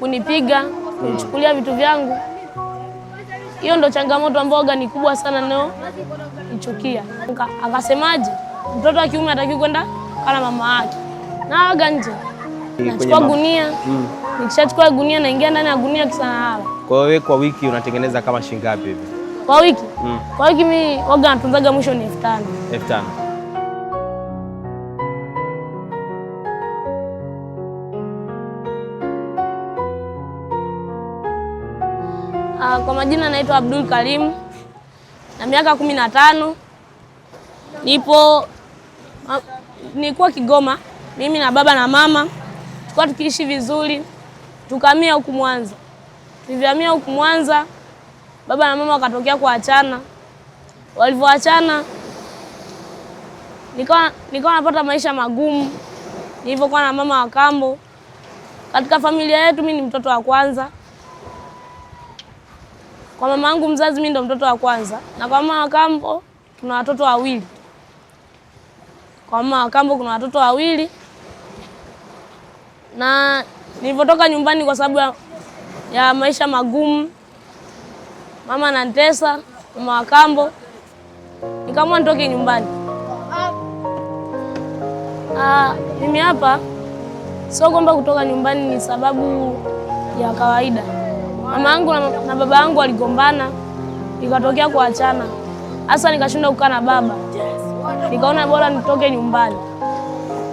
kunipiga, kunichukulia vitu vyangu. Hiyo ndo changamoto ambayo ni kubwa sana nayo ichukia. Akasemaje, mtoto wa kiume hatakiwi kwenda kala mama yake, na waga nje, nachukua gunia mm. Nikishachukua gunia naingia ndani ya gunia kisanahala. Kwa hiyo kwa wiki unatengeneza kama shilingi ngapi hivi? Kwa wiki mm. Kwa wiki mimi waga natunzaga mwisho ni elfu tano. Elfu tano. Uh, kwa majina naitwa Abdul Karim na miaka kumi na tano. Nipo uh, nilikuwa Kigoma mimi na baba na mama, tulikuwa tukiishi vizuri, tukamia huku Mwanza. Tulivyohamia huku Mwanza, baba na mama wakatokea kuachana. Walivyoachana nikawa nikawa napata maisha magumu nilivyokuwa na mama wa kambo. Katika familia yetu mimi ni mtoto wa kwanza kwa mama yangu mzazi mimi ndo mtoto wa kwanza, na kwa mama wa kambo kuna watoto wawili. Kwa mama wa kambo kuna watoto wawili, na nilipotoka nyumbani kwa sababu ya, ya maisha magumu, mama ananitesa, mama wa kambo, nikaamua nitoke nyumbani. Ah, mimi hapa sio kwamba kutoka nyumbani ni sababu ya kawaida Mama yangu na baba yangu waligombana, ikatokea kuachana. Hasa nikashinda kukaa na baba, nikaona bora nitoke nyumbani.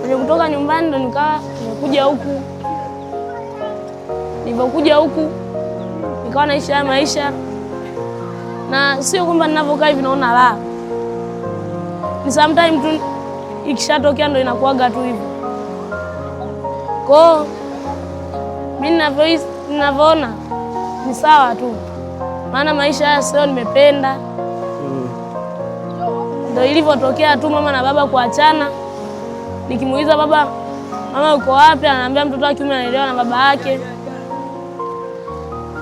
Kwenye kutoka nyumbani ndo nikawa nimekuja huku. Nilipokuja huku nikawa naishi haya maisha, na sio kwamba ninavyokaa hivi naona raha, ni sometimes tu ikishatokea ndo inakuaga tu hivyo koo, mi ninavyoona ni sawa tu, maana maisha haya sio nimependa ndo mm. ilivyotokea tu mama na baba kuachana. Nikimuuliza baba, mama uko wapi? Anaambia mtoto wa kiume anaelewa na baba yake,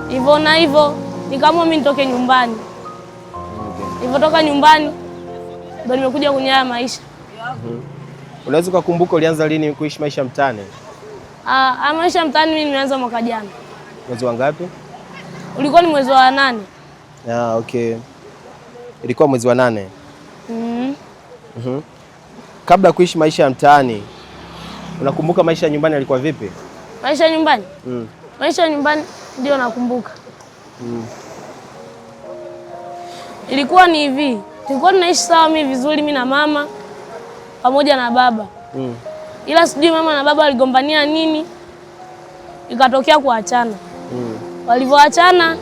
hivyo na hivyo. Nikaamua mimi nitoke nyumbani, nilivyotoka nyumbani ndo nimekuja kwenye haya maisha mm. Unaweza ukakumbuka ulianza lini kuishi maisha mtaani? Ah, maisha mtaani mimi nimeanza mwaka jana. Mwezi wa ngapi? Ulikuwa ni mwezi wa nane. Ah, okay. Ilikuwa mwezi wa nane. Mm. -hmm. Kabla ya kuishi maisha ya mtaani, unakumbuka maisha ya nyumbani yalikuwa vipi? Maisha ya nyumbani? Mm. Maisha ya nyumbani ndio nakumbuka. Mm. Ilikuwa ni hivi, tulikuwa tunaishi sawa, mimi vizuri, mimi na mama pamoja na baba. Mm. Ila sijui mama na baba waligombania nini, ikatokea kuachana. Walivyoachana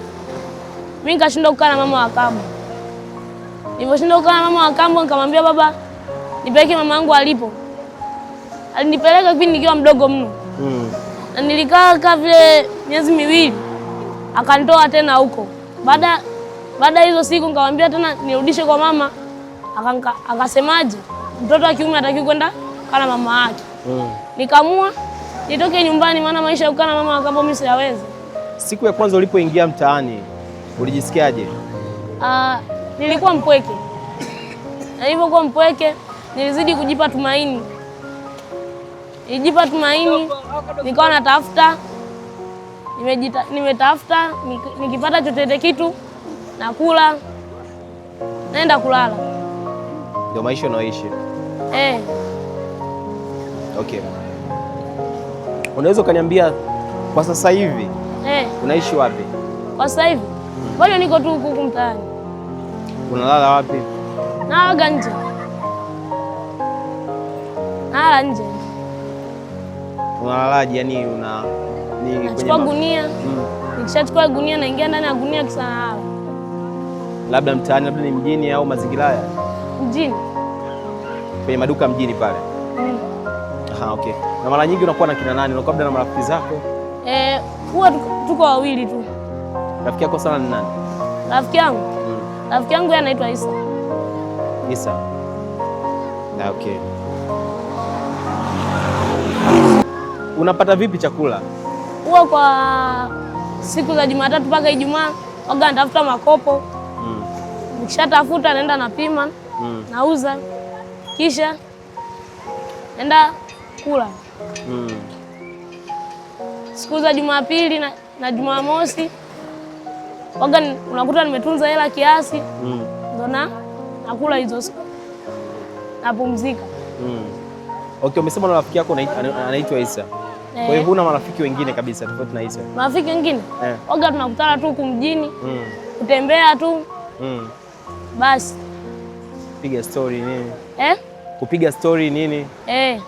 mimi nikashindwa kukaa na mama wa kambo. Niliposhindwa kukaa na mama wa kambo, nikamwambia baba nipeleke mama yangu alipo. Alinipeleka kipindi nikiwa mdogo mno mm. na nilikaa kaa vile miezi miwili, akanitoa tena huko. Baada baada hizo siku nikamwambia tena nirudishe kwa mama, akasemaje, mtoto wa kiume hatakiwi kwenda kana mama yake mm. Nikaamua nitoke nyumbani, maana maisha ya kukaa na mama wa kambo mimi siyawezi. Siku ya kwanza ulipoingia mtaani ulijisikiaje? Uh, nilikuwa mpweke. Nilivyokuwa mpweke, nilizidi kujipa tumaini, nilijipa tumaini, nikawa natafuta, nimetafuta, nikipata chochote kitu nakula, naenda kulala. Ndio maisha unaoishi eh? Okay, unaweza ukaniambia kwa sasa hivi Eh. Unaishi wapi? Kwa sasa hivi hmm. bado niko tu huku huku mtaani. Unalala wapi? Nalaga nje. Nalala nje. Unalalaje? Yani una ni nachukua gunia Mm. Nikishachukua gunia naingia ndani ya gunia kisha nalala. Labda mtaani, labda ni mjini au mazingira haya? Mjini, kwenye maduka mjini pale Mm. Aha, okay. Na mara nyingi unakuwa na kina nani? Unakuwa labda na marafiki zako? Eh, huwa tuko wawili tu. Rafiki yako sana ni nani? Rafiki yangu mm. Rafiki yangu anaitwa Isa. Isa. Na ah, okay. Unapata vipi chakula? Huwa kwa siku za Jumatatu mpaka Ijumaa waga natafuta makopo mm. Nikishatafuta naenda napima mm. Nauza kisha naenda kula mm. Siku za Jumapili na na Jumamosi waga unakuta nimetunza hela kiasi mm. Ndona nakula hizo napumzika mm. Okay, umesema na rafiki yako anaitwa Isa eh. Kwa hiyo eh. huna marafiki wengine kabisa tofauti na Isa? Marafiki wengine eh. Waga tunakutana tu huku mjini mm. kutembea tu mm. basi piga story nini eh? kupiga story nini eh.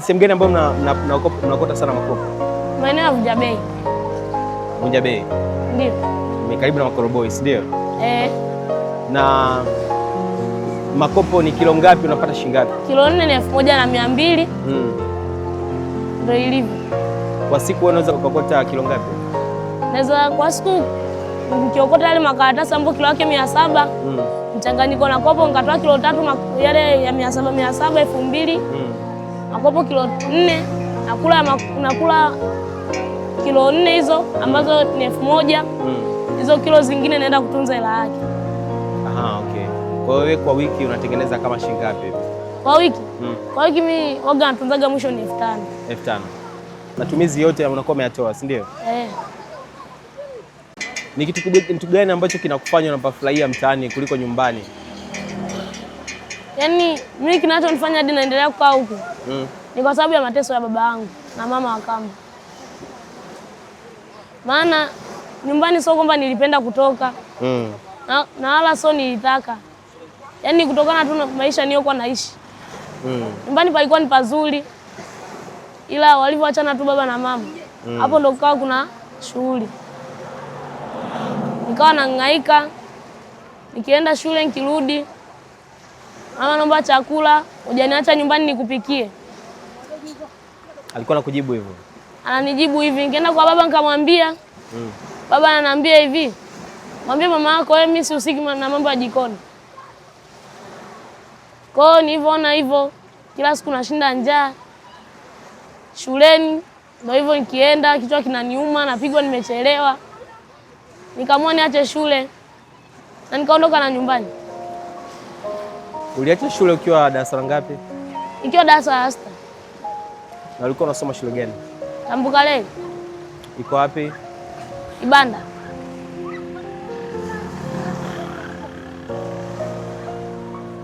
Sehemu gani ambayo mnaokota mna, mna, mna sana makopo maeneo ya Vunja Bei. Vunja Bei ndio ni karibu na Makoroboi, si ndio? Eh. na makopo ni kilo ngapi? unapata shilingi ngapi? kilo nne ni elfu moja na mia mbili hmm. ndio ilivyo kwa siku. unaweza kukokota kilo ngapi? naweza kwa siku nikiokota yale makaratasi ambayo kilo yake mia saba mm. mchanganyiko na kopo nikatoa kilo tatu yale ya mia saba mia saba elfu mbili mm. makopo kilo nne nakula, nakula kilo nne hizo ambazo ni elfu moja hmm. hizo mm. kilo zingine naenda kutunza hela yake. Aha, okay. Kwa hiyo wewe kwa wiki unatengeneza kama shilingi ngapi Kwa wiki mm. kwa wiki mimi waga natunzaga mwisho ni elfu tano. elfu tano. Matumizi yote unakuwa umeyatoa, si ndio? Eh. Ni kitu gani ambacho kinakufanya unapafurahia mtaani kuliko nyumbani? Yaani mimi kinachonifanya hadi naendelea kukaa huku mm. ni kwa sababu ya mateso ya baba yangu na mama wa kambo maana nyumbani sio kwamba nilipenda kutoka mm. na, na wala sio nilitaka, yaani kutokana tu na maisha niyokuwa naishi mm. nyumbani palikuwa ni pazuri, ila walivyoachana tu baba na mama hmm. hapo mm. ndo kukawa kuna shughuli, nikawa nangaika nikienda shule nikirudi, mama, naomba chakula, hujaniacha nyumbani nikupikie. Alikuwa nakujibu hivyo Ananijibu hivi, nikaenda kwa baba nikamwambia mm. Baba ananiambia hivi, mwambie mama yako wewe, eh, mimi sihusiki na mambo ya jikoni. Kwa hiyo nilivyoona hivyo, kila siku nashinda njaa shuleni, ndio hivyo, nikienda kichwa kinaniuma, napigwa, nimechelewa, nikaamua niache shule na nikaondoka na nyumbani. Uliacha shule ukiwa darasa ngapi? Ikiwa darasa la sita. Na ulikuwa unasoma shule gani? Tambuka Leli iko wapi? Ibanda.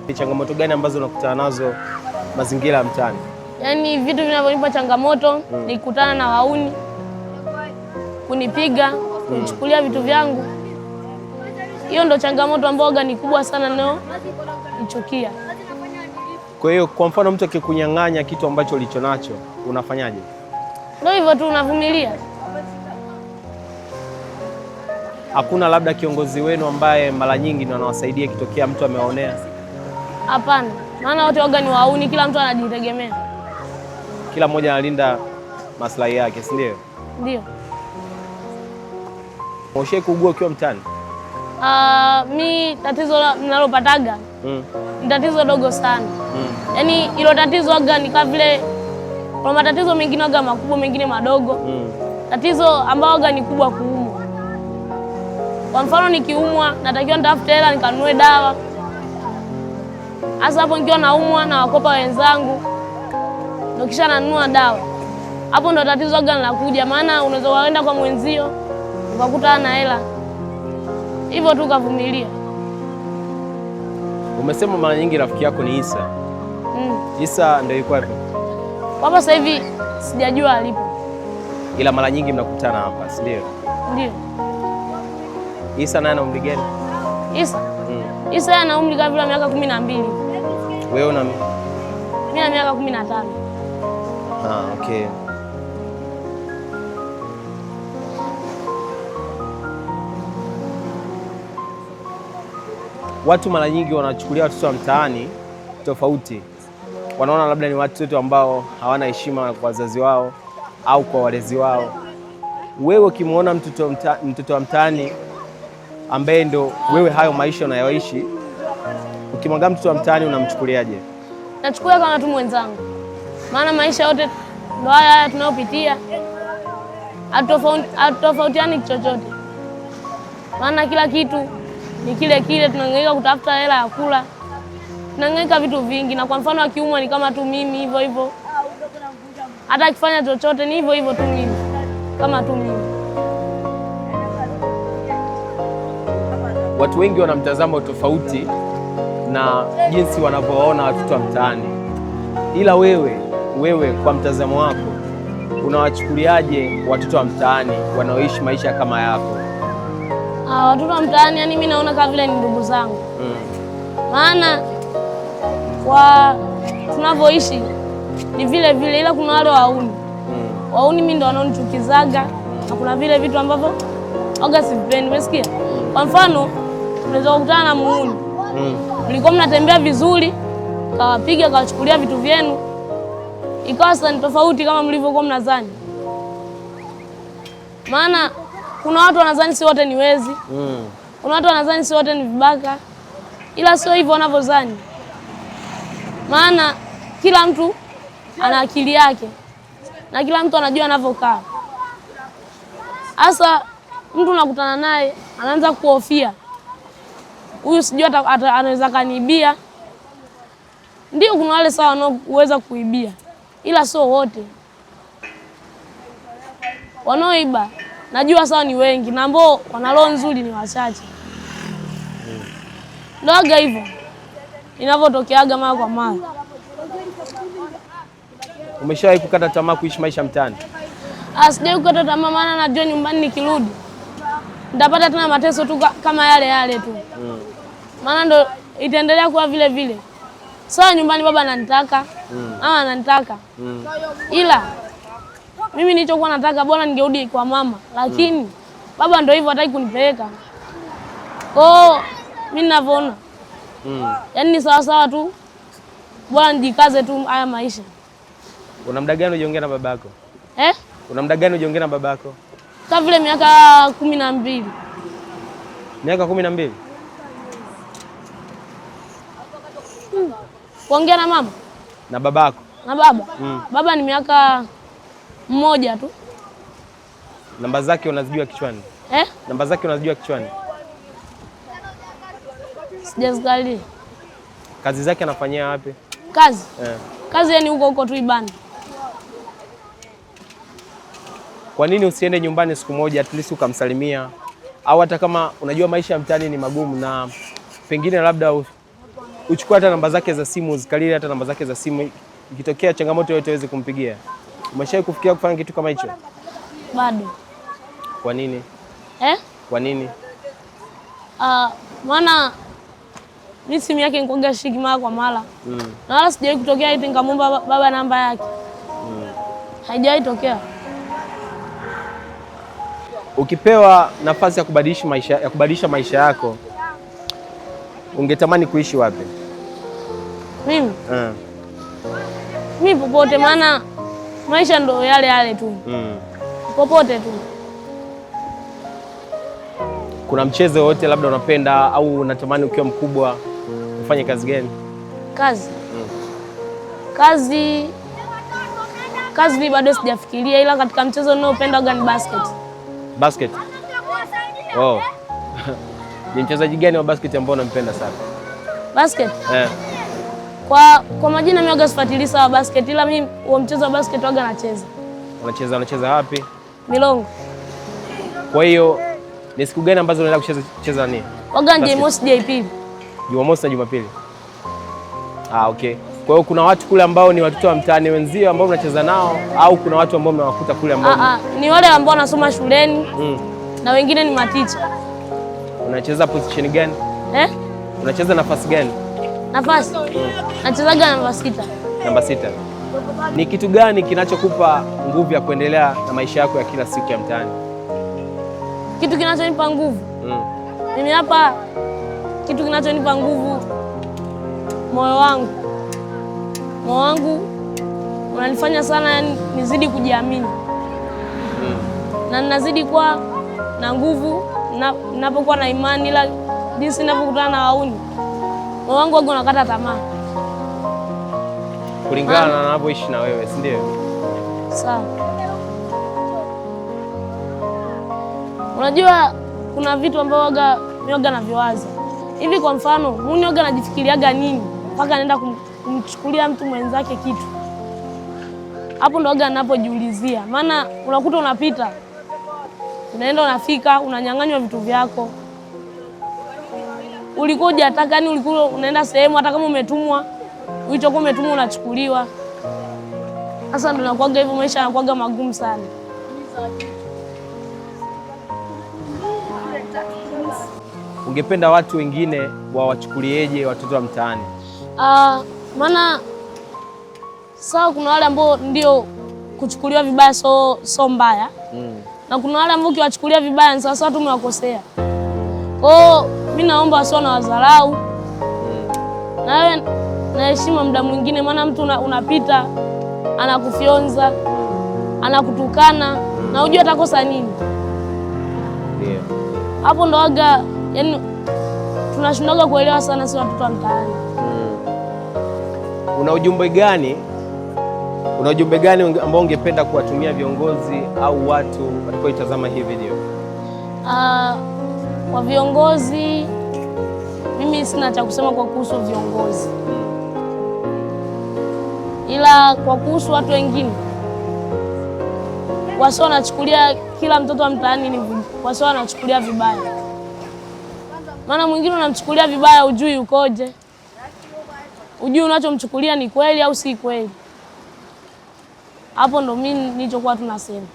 Ni changamoto gani ambazo unakutana nazo mazingira ya mtaani? Yaani vitu vinavyonipa changamoto mm. nikutana na wauni kunipiga hmm. kunichukulia mm. vitu vyangu. Hiyo ndo changamoto ambayo ni kubwa sana nayo nichukia. Kwa hiyo kwa mfano mtu akikunyang'anya kitu ambacho ulicho nacho unafanyaje? Ndio hivyo tu, unavumilia. Hakuna labda kiongozi wenu ambaye mara nyingi ndio anawasaidia ikitokea mtu amewaonea? Hapana, maana wote waga ni wauni, kila mtu anajitegemea, kila mmoja analinda maslahi yake, si ndio? Ndio. Ushai kuugua ukiwa mtani Uh, ah, mi tatizo mnalopataga mm. ni tatizo dogo sana mm. yaani ilo tatizo waga ni vile kuna matatizo mengine waga makubwa, mengine madogo mm. Tatizo ambayo waga ni kubwa kuumwa. Kwa mfano nikiumwa, natakiwa nitafute hela nikanunue dawa, hasa hapo nikiwa naumwa na wakopa wenzangu, ndo kisha nanunua dawa. Hapo ndo tatizo waga linakuja, maana unaweza ukaenda kwa mwenzio ukakuta ana hela, hivyo tu ukavumilia. Umesema mara nyingi rafiki yako ni Isa. Mm. Isa ndo ilikuwa hapo sasa hivi sijajua alipo. Ila mara nyingi mnakutana hapa, si ndio? Ndio. Isa naye ana umri gani? Isa? Mm. Isa ana umri kama vile miaka kumi na mbili. Wewe una? Mimi na miaka kumi na tano. Ah, okay. Watu mara nyingi wanachukulia watoto wa mtaani tofauti wanaona labda ni watu wetu ambao hawana heshima kwa wazazi wao au kwa walezi wao. Wewe ukimwona mtoto mta, mtoto wa mtaani ambaye ndo wewe hayo maisha unayoishi, ukimwangalia mtoto wa mtaani unamchukuliaje? Nachukulia kama tu mwenzangu, maana maisha yote ndo haya haya tunayopitia, hatutofautiani chochote, maana kila kitu ni kile kile, tunangaika kutafuta hela ya kula nangaika vitu vingi, na kwa mfano akiumwa ni kama tu mimi hivyo hivyo, hata akifanya chochote ni hivyo hivyo tu mimi kama tu mimi. Watu wengi wana mtazamo tofauti na jinsi wanavyowaona watoto wa mtaani, ila wewe wewe, kwa mtazamo wako unawachukuliaje watoto wa mtaani wanaoishi maisha kama yako? Ah, watoto wa mtaani, yani mimi naona kama vile ni ndugu zangu mm. maana wa tunavyoishi ni vile vile, ila kuna wale wauni mm. wauni mimi ndo wanaonichukizaga na kuna vile vitu ambavyo aga sivipendi, umesikia? Kwa mfano unaweza kukutana na muuni hmm. mlikuwa mm. mnatembea vizuri, kawapiga kawachukulia vitu vyenu, ikawa sasa ni tofauti kama mlivyokuwa mnadhani, maana kuna watu wanadhani si wote ni wezi mm. kuna watu wanadhani si wote ni vibaka, ila sio hivyo wanavyodhani maana kila mtu ana akili yake na kila mtu anajua anavyokaa. Hasa mtu unakutana naye anaanza kuhofia, huyu sijui anaweza kaniibia. Ndio, kuna wale sawa wanaoweza kuibia, ila sio wote wanaoiba. Najua sawa ni wengi, na ambao wana roho nzuri ni wachache. Ndoaga hivyo inavyotokeaga mara kwa mara. Umeshawahi kukata tamaa kuishi maisha mtaani? Ah, sijawahi kukata tamaa, maana najua nyumbani nikirudi ntapata tena mateso tu kama yale yale tu mm. maana ndo itaendelea kuwa vile vile. Sasa nyumbani baba ananitaka mm. ama ananitaka mm. ila mimi nilichokuwa nataka bora ningerudi kwa mama, lakini mm. baba ndo hivyo hataki kunipeleka. Kwa mi mimi ninavyoona mm. Yaani ni sawasawa tu, bwana nijikaze tu haya maisha. Una muda gani ujiongea na babako eh? Una muda gani ujiongea na babako? Kama vile miaka kumi na mbili. Miaka kumi na mbili hmm. Kuongea na mama na babako na baba mm. Baba ni miaka mmoja tu. Namba zake unazijua kichwani eh? Namba zake unazijua kichwani sijazikalii. Kazi zake anafanyia wapi kazi? yeah. Kazi yani huko huko tu ibani. Kwa nini usiende nyumbani siku moja at least ukamsalimia, au hata kama unajua maisha ya mtaani ni magumu, na pengine labda uchukua hata namba zake za simu, uzikalili hata namba zake za simu, ikitokea changamoto yoyote uweze kumpigia. Umeshawahi kufikiria kufanya kitu kama hicho? Bado. Kwa nini eh? Kwa nini? Uh, maana mi simu yake nikuaga shiki mara kwa mara mm. na wala sijawahi kutokea eti nikamwomba baba namba yake mm. haijawahi tokea. Ukipewa nafasi ya kubadilisha maisha, ya kubadilisha maisha yako ungetamani kuishi wapi? Mimi mm. mi popote, maana maisha ndo yale yale tu mm. popote tu. Kuna mchezo wote labda unapenda au unatamani ukiwa mkubwa Ufanye kazi gani? Kazi mm. kazi kazi ni bado sijafikiria, ila katika mchezo ninaopendaga gani? basket. Basket. Oh. ni mchezaji gani wa basket ambao unampenda sana? Basket? Eh. Kwa kwa majina mimi waga sifuatilii sawa basket, ila mimi wa mchezo wa basket waga nacheza. Unacheza unacheza wapi? Milongo. Kwa hiyo ni siku gani ambazo unaenda kucheza cheza nini? Waga nje mosi JP. Jumamosi na Jumapili. Ah, okay. Kwa hiyo kuna watu kule ambao ni watoto wa mtaani wenzio ambao mnacheza nao au kuna watu ambao mnawakuta kule ambao? Ah, ah, ni wale ambao wanasoma shuleni mm. na wengine ni maticha. Unacheza position gani? Eh? Unacheza nafasi gani? Nafasi. Mm. Nachezaga namba sita. Namba sita. Ni kitu gani kinachokupa nguvu ya kuendelea na maisha yako ya kila siku ya mtaani? Kitu kinachonipa nguvu mm. mimi hapa kitu kinachonipa nguvu moyo wangu, moyo wangu unanifanya sana yani nizidi kujiamini mm. na ninazidi kuwa na nguvu ninapokuwa na imani, ila jinsi ninapokutana na wauni, moyo wangu wangu unakata tamaa kulingana na anavyoishi na wewe, si ndio? Sawa. Unajua kuna vitu ambavyo waga mioga na viwaza hivi. Kwa mfano Munioga anajifikiriaga nini mpaka anaenda kum, kumchukulia mtu mwenzake kitu? Hapo ndo aga anapojiulizia, maana unakuta unapita unaenda unafika unanyang'anywa vitu vyako ulikuwa hujataka, yani ulikuwa unaenda sehemu, hata kama umetumwa ulichokuwa umetumwa unachukuliwa. Sasa ndo nakuaga hivyo, maisha yanakuaga magumu sana. ungependa watu wengine wawachukulieje watoto wa mtaani? Uh, maana sawa, kuna wale ambao ndio kuchukuliwa vibaya so, so mbaya mm. na kuna wale ambao ukiwachukulia vibaya ni sawasawa tu Kwao mi naomba wasio na wadharau mm. na wewe na heshima muda mwingine, maana mtu una, unapita anakufyonza mm. anakutukana na hujua atakosa nini hapo, yeah. ndo waga yani tunashindaga kuelewa sana, si watoto wa mtaani. Hmm. Una ujumbe gani, una ujumbe gani ambao ungependa kuwatumia viongozi au watu watakaoitazama hii video? Uh, kwa viongozi mimi sina cha kusema kwa kuhusu viongozi, ila kwa kuhusu watu wengine wasio wanachukulia kila mtoto wa mtaani, wasio wanachukulia vibaya maana mwingine unamchukulia vibaya, ujui ukoje, ujui unachomchukulia ni kweli au si kweli. Hapo ndo mimi nilichokuwa tunasema.